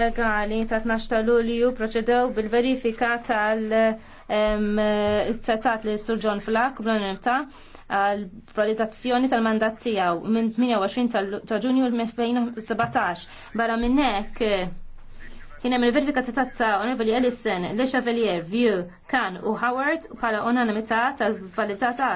legali ta' 12 ta' Lulju proċedew bil-verifika tal-setat li Sur John Flack bl-onerta għal validazzjoni tal-mandat tiegħu minn 28 ta' Ġunju l-2017. Barra minn hekk kien hemm il-verifika setat ta' Onorevoli Ellison, Le Chavalier, View, Kan u Howard bħala unanimità tal-validità